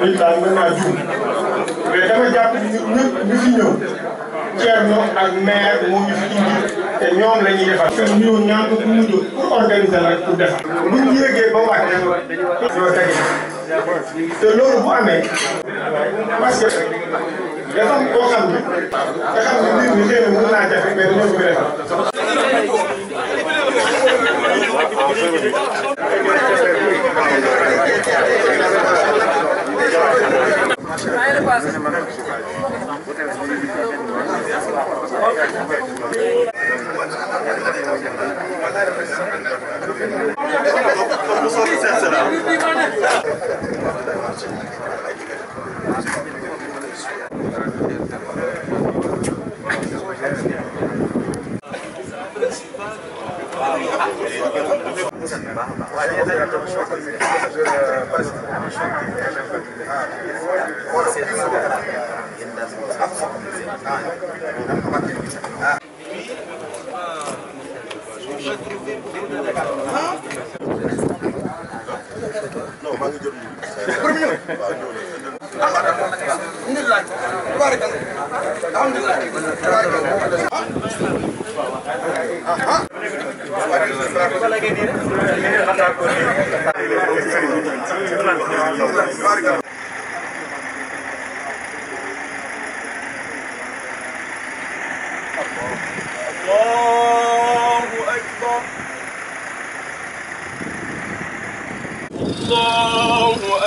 résultat yi mën naa juum mais dama jàpp ni ñun ñëpp ñu fi ñëw Thierno ak maire moo ñu fi indi te ñoom la ñuy defal. parce que ñun ñaan ko mu jóg pour organiser rek pour defar. bu ñu yëgee ba wàcc ñoo tege te loolu bu amee parce que dafa am koo xam ne nga xam ne mbir mi xëy na mën naa jafe mais dañoo bëgg defar. Barra, barra. tempat Alhamdulillah.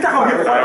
Dale,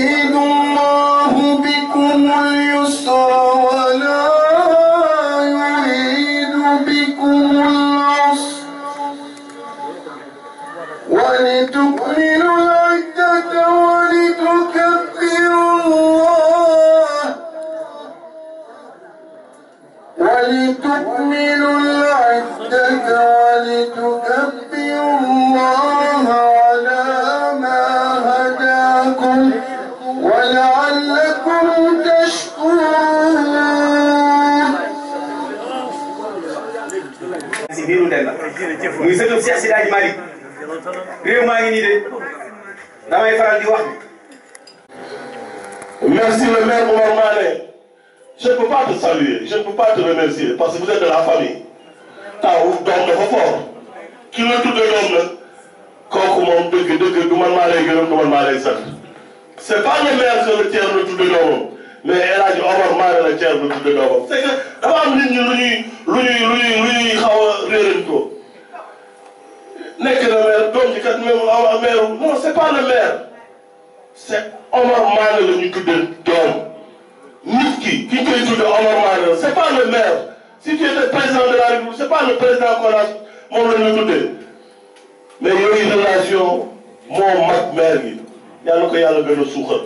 ولتكملوا العدة ولتكبروا الله على ما هداكم ولعلكم تشكرون muy sëtub Cheikh Sidi Hadj Malick réew maa ngi nii de damay faral di wax merci le maire Oumar Mané Je ne peux pas te saluer, je ne peux pas te remercier, parce que vous êtes de la famille. ouf, n'est fort Qui tout de m'a c'est pas le maire sur le tout de tout mais El Mais elle tout de c'est que nit lu lu xaw a réerantoo nekk na maire doom kat même la ah, mère. non c'est pas la mère. c'est Omar Maane le ñu qui, qui te dit de Omar c'est pas le maire. Si tu es le président de la République, c'est pas le président qu'on a mon le Mais il y a une relation, mon mat maire, il y a le cas, il y a le bel souhait.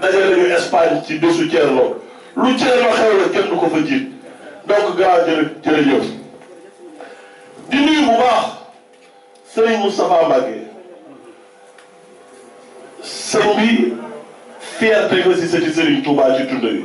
D'ailleurs, il y a Espagne qui dessous Tcherno. Lu Tcherno xewle kenn du ko fa jiit. Donc grand jërëjëf. Di nuyu bu baax Serigne Moustapha Mbacké. C'est bi fierté nga si sëti Serigne Touba ci tund yi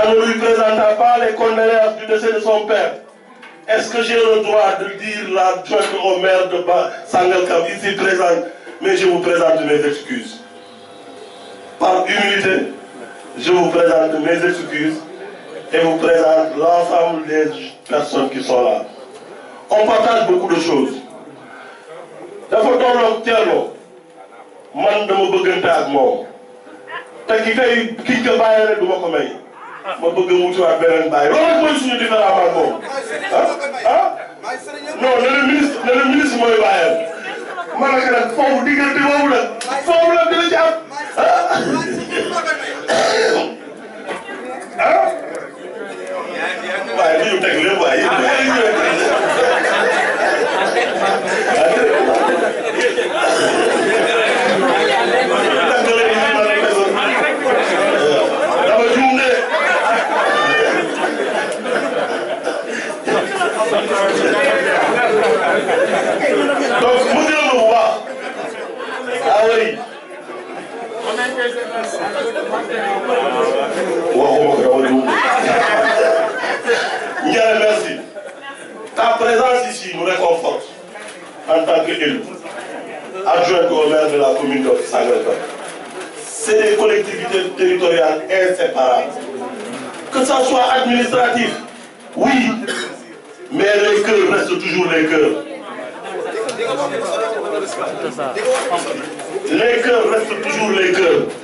en ne lui présentant pas les condoléances du décès de son père, est-ce que j'ai le droit de dire la jointe au maire de Sangalkam ici présent Mais je vous présente mes excuses. Par humilité, je vous présente mes excuses et vous présente l'ensemble des personnes qui sont là. On partage beaucoup de choses. La photo dafa tolloog Thierno man dama ne ak moom te ki ne ki pas que rek du may. ma bëgg a wutiwaat beneen bàyyi loolu rek mooy suñu différent man moom ah ah non ne le ministre ne le ministre mooy bàyyam man ak ren foofu diggante boobu nag foofu la dina ci am ah. adjoint au maire de la commune de C'est des collectivités territoriales inséparables. Que ça soit administratif, oui, mais les cœurs restent toujours les cœurs. Les cœurs restent toujours les cœurs.